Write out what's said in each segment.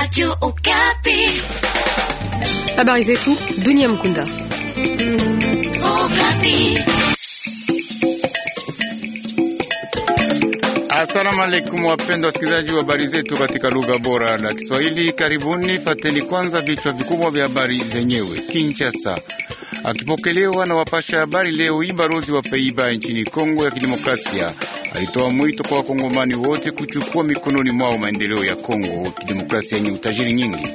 Radio Okapi. Habari zetu dunia mkunda. Okapi. Asalamu alaykum, wapendwa wasikilizaji wa habari zetu katika lugha bora la Kiswahili. Karibuni, fateni kwanza vichwa vikubwa vya habari zenyewe. Kinshasa akipokelewa na wapasha habari leo hii balozi wa Peiba nchini Kongo ya Kidemokrasia alitoa mwito kwa wakongomani wote kuchukua mikononi mwao maendeleo ya Kongo kidemokrasia yenye utajiri nyingi.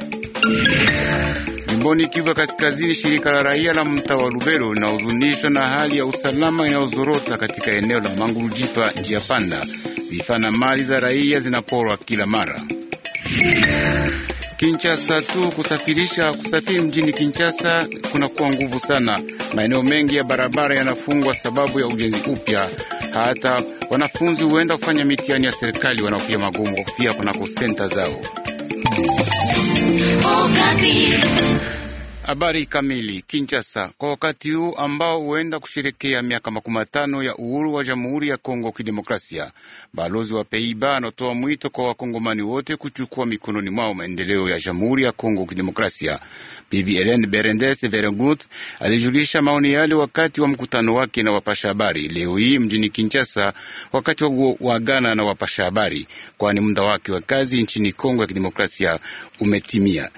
Jimboni Kivu Kaskazini, shirika la raia la mtaa wa Lubero linahuzunishwa na hali ya usalama inayozorota katika eneo la Mangurujipa, njia panda. Vifaa na mali za raia zinaporwa kila mara. kinchasa tu kusafirisha kusafiri mjini kinchasa kunakuwa nguvu sana. Maeneo mengi ya barabara yanafungwa sababu ya ujenzi upya, hata Wanafunzi huenda kufanya mitihani ya serikali wanaopia magumu kwa kufia kunako senta zao. Oh, Habari kamili. Kinshasa, kwa wakati huu ambao huenda kusherekea miaka makumi matano ya uhuru wa Jamhuri ya Kongo Kidemokrasia, balozi wa Peiba anatoa mwito kwa wakongomani wote kuchukua mikononi mwao maendeleo ya Jamhuri ya Kongo Kidemokrasia Bibi Elen Berendes Verengut alijulisha maoni yale wakati wa mkutano wake na wapasha habari leo hii mjini Kinshasa, wakati wa kuagana na wapasha habari, kwani muda wake wa kazi nchini Kongo ya Kidemokrasia umetimia.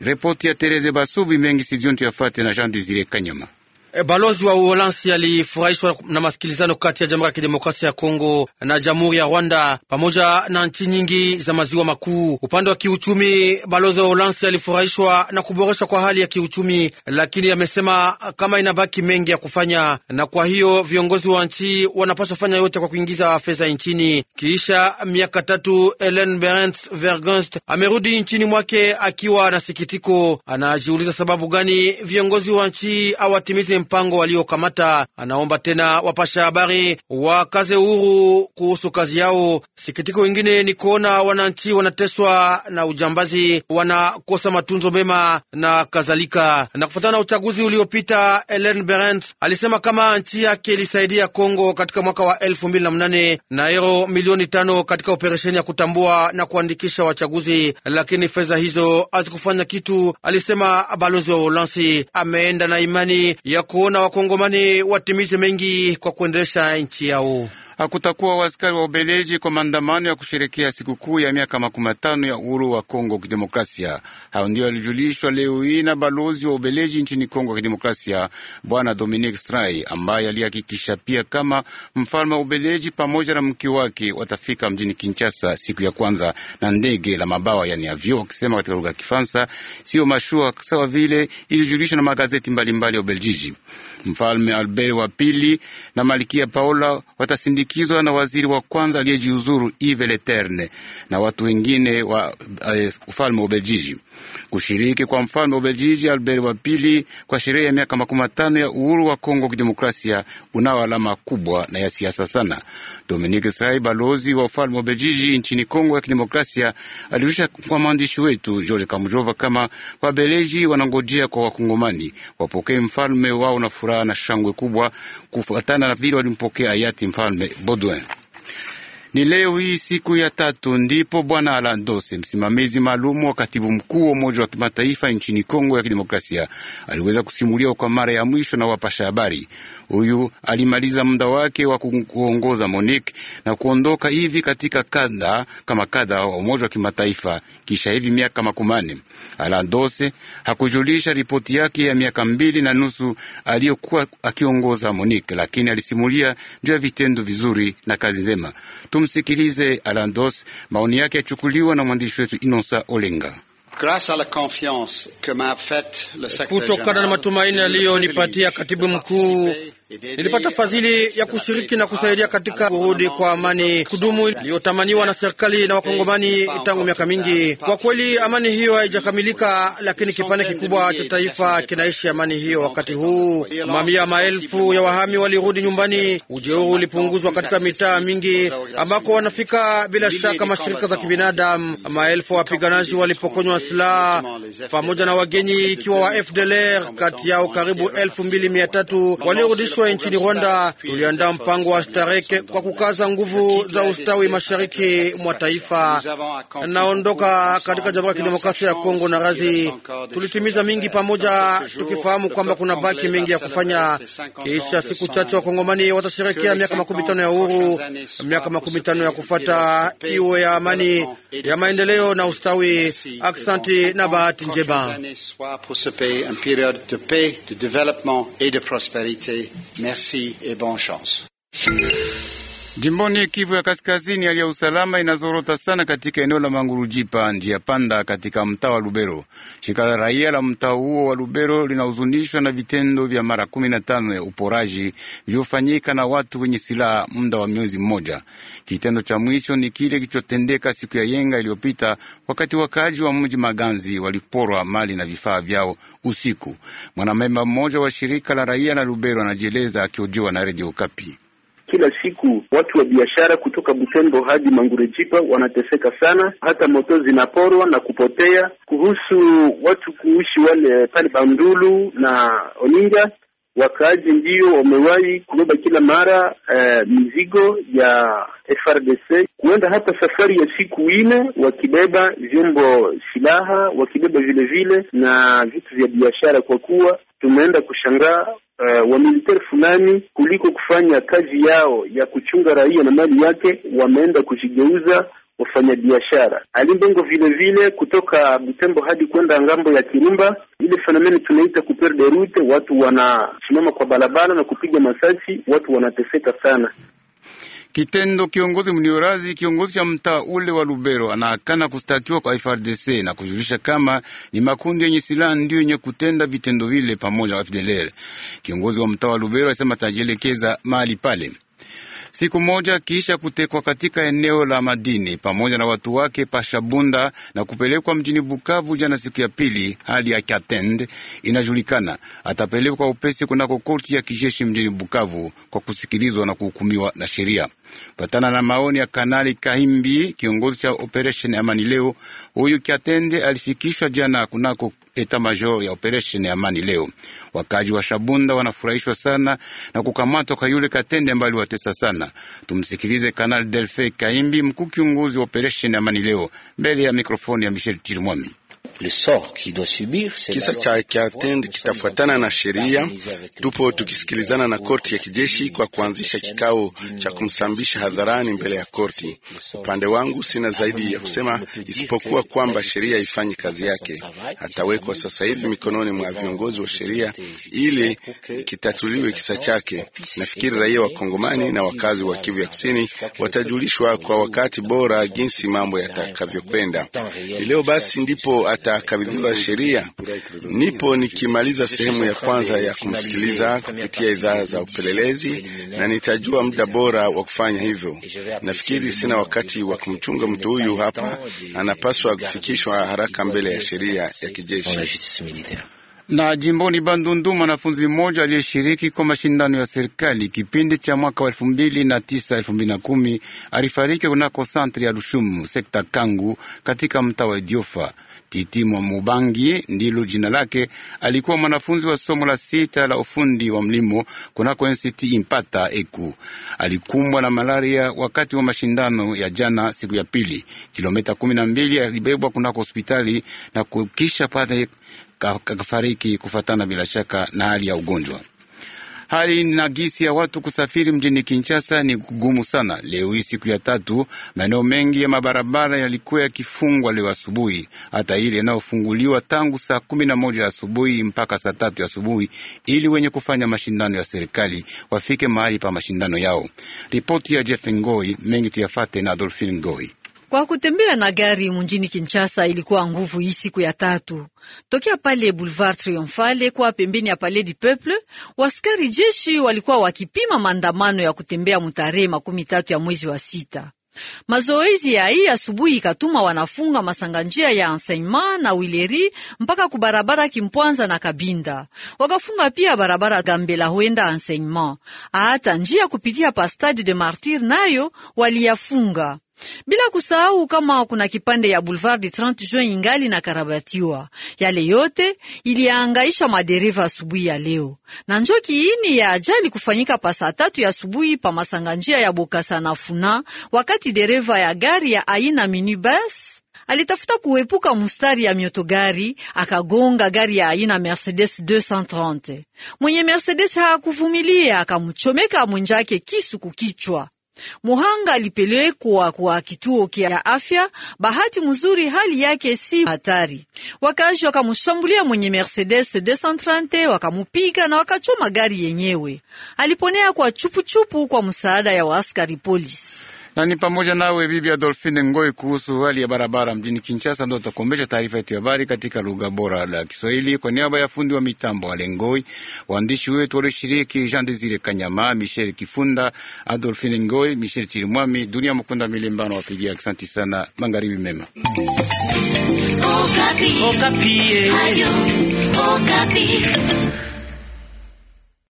Ripoti ya Tereze Basubi Mengi sijuntu yafate na Jean Desire Kanyama. E, balozi wa Uholansi alifurahishwa na masikilizano kati ya Jamhuri ya Kidemokrasia ya Kongo na Jamhuri ya Rwanda pamoja na nchi nyingi za maziwa makuu. Upande wa kiuchumi, balozi wa Uholansi alifurahishwa na kuboreshwa kwa hali ya kiuchumi, lakini amesema kama inabaki mengi ya kufanya, na kwa hiyo viongozi wa nchi wanapaswa fanya yote kwa kuingiza fedha nchini. Kiisha miaka tatu, Ellen Berent Vergunst amerudi nchini mwake akiwa na sikitiko. Anajiuliza sababu gani viongozi wa nchi awatimize mpango waliokamata. Anaomba tena wapasha habari wakaze uhuru kuhusu kazi yao. Sikitiko wengine ni kuona wananchi wanateswa na ujambazi, wanakosa matunzo mema na kadhalika. Na kufuatana na uchaguzi uliopita, Ellen Berent alisema kama nchi yake ilisaidia Kongo katika mwaka wa elfu mbili na mnane na euro milioni tano katika operesheni ya kutambua na kuandikisha wachaguzi, lakini fedha hizo hazikufanya kitu, alisema balozi wa Uholanzi. Ameenda na imani ya kuona wakongomani watimize mengi kwa kuendelesha nchi yao hakutakuwa waaskari wa Ubeleji kwa maandamano ya kusherekea sikukuu ya miaka makumi matano ya uhuru wa Kongo Kidemokrasia. Hayo ndio yalijulishwa leo hii na balozi wa Ubeleji nchini Kongo Kidemokrasia, Bwana Dominique Strai, ambaye alihakikisha pia kama mfalme wa Ubeleji pamoja na mke wake watafika mjini Kinshasa siku ya kwanza na ndege la mabawa, yani avio, wakisema katika lugha ya Kifaransa sio mashua, sawa vile ilijulishwa na magazeti mbalimbali ya mbali Ubeljiji. Mfalme Albert wa pili na malikia Paola watasindik kushindikizwa na waziri wa kwanza aliyejiuzuru Yves Leterme na watu wengine wa uh, ufalme wa Ubeljiji. Kushiriki kwa mfalme wa Ubeljiji Albert wa pili kwa sherehe ya miaka makumi matano ya uhuru wa Kongo Kidemokrasia unao alama kubwa na ya siasa sana. Dominique Srai, balozi wa ufalme wa Ubeljiji nchini Kongo ya Kidemokrasia, alirusha kwa mwandishi wetu George Kamujova kama Wabeleji wanangojea kwa Wakongomani wapokee mfalme wao na furaha na shangwe kubwa, kufuatana na vile walimpokea hayati mfalme Baudouin. Ni leo hii siku ya tatu ndipo bwana Dose, msimamizi maalumu wa katibu mkuu wa Umoja wa Kimataifa nchini Kongo ya Kidemokrasia, aliweza kusimuliwa kwa mara ya mwisho na wapasha habari. Huyu alimaliza muda wake wa kuongoza MONUC na kuondoka hivi katika kadha kama kadha wa Umoja wa Kimataifa kisha hivi miaka makumane. Dose hakujulisha ripoti yake ya miaka mbili na nusu aliyokuwa akiongoza MONUC, lakini alisimulia juu ya vitendo vizuri na kazi njema. Tumsikilize Alandos, maoni yake yachukuliwa na mwandishi wetu Inosa Olenga. Kutokana na matumaini aliyonipatia katibu mkuu Nilipata fadhili ya kushiriki na kusaidia katika kurudi kwa amani kudumu iliyotamaniwa na serikali na wakongomani tangu miaka mingi. Kwa kweli, amani hiyo haijakamilika, lakini kipande kikubwa cha taifa kinaishi amani hiyo. Wakati huu mamia maelfu ya wahami walirudi nyumbani, ujeuri ulipunguzwa katika mitaa mingi ambako wanafika bila shaka mashirika za kibinadamu. Maelfu wapiganaji walipokonywa silaha pamoja na wagenyi, ikiwa wa FDLR, kati yao karibu elfu mbili mia tatu waliorudishwa Kichwa nchini Rwanda, tuliandaa mpango wa stareke kwa kukaza nguvu za ustawi mashariki mwa taifa. Naondoka katika Jamhuri ya Kidemokrasia ya Kongo na razi, tulitimiza mingi pamoja, tukifahamu kwamba kuna baki mengi ya kufanya. Kisha siku chache Wakongomani watasherekea miaka makumi tano ya uhuru, miaka makumi tano ya kufata iwe ya amani, ya maendeleo na ustawi. Aksanti na bahati njema. Merci et bonne chance. Jimboni Kivu ya Kaskazini, hali ya usalama inazorota sana katika eneo la Mangurujipa, njia panda katika mtaa wa Lubero. Shirika la raia la mtaa huo wa Lubero linahuzunishwa na vitendo vya mara kumi na tano ya uporaji vilivyofanyika na watu wenye silaha muda wa miezi mmoja. Kitendo cha mwisho ni kile kilichotendeka siku ya yenga iliyopita, wakati wakaaji wa mji Maganzi waliporwa mali na vifaa vyao usiku. Mwanamemba mmoja wa shirika la raia la Lubero anajieleza akiojiwa na redio Kapi. Kila siku watu wa biashara kutoka Butembo hadi Mangurejipa wanateseka sana, hata moto zinaporwa na kupotea. Kuhusu watu kuishi wale pale Bandulu na Oninga, wakaaji ndio wamewahi kubeba kila mara eh, mizigo ya FRDC kuenda hata safari ya siku ine, wakibeba vyombo silaha, wakibeba vilevile vile na vitu vya biashara, kwa kuwa tumeenda kushangaa uh, eh, wamilitari fulani kuliko kufanya kazi yao ya kuchunga raia na mali yake, wameenda kujigeuza wafanyabiashara. Alimbongo vile vile, kutoka Butembo hadi kwenda ngambo ya Kirumba, ile fenomeni tunaita kuper de route, watu wanasimama kwa barabara na kupiga masasi, watu wanateseka sana kitendo. Kiongozi Mniorazi, kiongozi cha mtaa ule wa Lubero, anaakana kustakiwa kwa FRDC na kujulisha kama ni makundi yenye silaha ndiyo yenye kutenda vitendo vile pamoja na FDLR. Kiongozi wa mtaa wa Lubero alisema atajielekeza mahali pale. Siku moja kisha kutekwa katika eneo la madini pamoja na watu wake Pashabunda na kupelekwa mjini Bukavu jana siku ya pili, hali ya Katende inajulikana. Atapelekwa upesi kunako korti ya kijeshi mjini Bukavu kwa kusikilizwa na kuhukumiwa na sheria. Patana na maoni ya Kanali Kahimbi, kiongozi cha operesheni Amani leo, huyu Kiatende alifikishwa jana kunako eta major ya operesheni Amani leo. Wakaji wa Shabunda wanafurahishwa sana na kukamatwa kwa yule Katende ambaye aliwatesa sana. Tumsikilize Kanali Delfe Kahimbi, mkuu kiongozi wa operesheni Amani leo, mbele ya mikrofoni ya Michel Chirimwami. Kisa cha Kiatend kitafuatana na sheria. Tupo tukisikilizana na korti ya kijeshi kwa kuanzisha kikao cha kumsambisha hadharani mbele ya korti. Upande wangu sina zaidi ya kusema isipokuwa kwamba sheria ifanye kazi yake. Atawekwa sasa hivi mikononi mwa viongozi wa sheria ili kitatuliwe kisa chake. Nafikiri raia wa Kongomani na wakazi wa Kivu ya Kusini watajulishwa kwa wakati bora jinsi mambo yatakavyokwenda. leo basi ndipo ata itakabidhiwa sheria. Nipo nikimaliza sehemu ya kwanza ya kumsikiliza kupitia idhaa za upelelezi, na nitajua muda bora wa kufanya hivyo. Nafikiri sina wakati wa kumchunga mtu huyu hapa, anapaswa kufikishwa haraka mbele ya sheria ya kijeshi. Na jimboni Bandundu, mwanafunzi mmoja aliyeshiriki kwa mashindano ya serikali kipindi cha mwaka wa elfu mbili na tisa elfu mbili na kumi alifariki kunako santri ya Lushumu, sekta Kangu, katika mtaa wa Idiofa. Titimwa Mubangi ndilo jina lake. Alikuwa mwanafunzi wa somo la sita la ufundi wa mlimo kunako NCT Impata Eku. Alikumbwa na malaria wakati wa mashindano ya jana, siku ya pili, kilomita kumi na mbili. Alibebwa kunako hospitali na kukisha pale kafariki kufatana bila shaka na hali ya ugonjwa. Hali na gisi ya watu kusafiri mjini Kinshasa ni kugumu sana. Leo hii siku ya tatu, maeneo mengi ya mabarabara yalikuwa yakifungwa leo asubuhi, hata ile yanayofunguliwa tangu saa kumi na moja asubuhi mpaka saa tatu asubuhi, ili wenye kufanya mashindano ya serikali wafike mahali pa mashindano yao. Ripoti ya Jeff Ngoi mengi tuyafate na Adolfin Ngoi. Kwa kutembea na gari mjini Kinshasa ilikuwa nguvu hii siku ya tatu, tokea pale Boulevard triomfale kwa pembeni ya Palais du Peuple. Waskari jeshi walikuwa wakipima maandamano ya kutembea mutarehe makumi tatu ya mwezi wa sita. Mazoezi ya hii asubuhi ikatuma wanafunga masanga njia ya Anseima na Wileri mpaka ku barabara Kimpwanza na Kabinda, wakafunga pia barabara Gambela huenda Anseima, hata njia kupitia pa Stade de Martir nayo waliyafunga bila kusahau kama kuna kipande ya Boulevard de 30 Juin ingali na karabatiwa. Yale yote iliangaisha madereva asubuhi ya leo, na njo kiini ya ajali kufanyika pa saa tatu ya asubuhi pa masanga njia ya Bokasa na Funa, wakati dereva ya gari ya aina minibus alitafuta kuepuka mustari ya mioto gari akagonga gari ya aina Mercedes 230. Mwenye Mercedes hakuvumilia akamchomeka mwenjake kisu kukichwa. Muhanga alipelekwa kwa kituo kya afya. Bahati mzuri hali yake si hatari. Wakazi wakamshambulia mwenye Mercedes 230 wakamupiga na wakachoma gari yenyewe. Aliponea kwa chupuchupu kwa msaada ya waaskari polisi na ni pamoja nawe bibi Adolfine Ngoi kuhusu hali ya barabara mjini Kinshasa. Ndo tutakombesha taarifa yetu ya habari katika lugha bora la Kiswahili kwa niaba ya fundi wa mitambo Alengoi, waandishi wetu walioshiriki Jean Desire Kanyama, Michel Kifunda, Adolfine Ngoi, Michel Chirimwami, Dunia Mkunda Milembano wapigia. asanti sana, magharibi mema. Okapi. Okapi. Eh.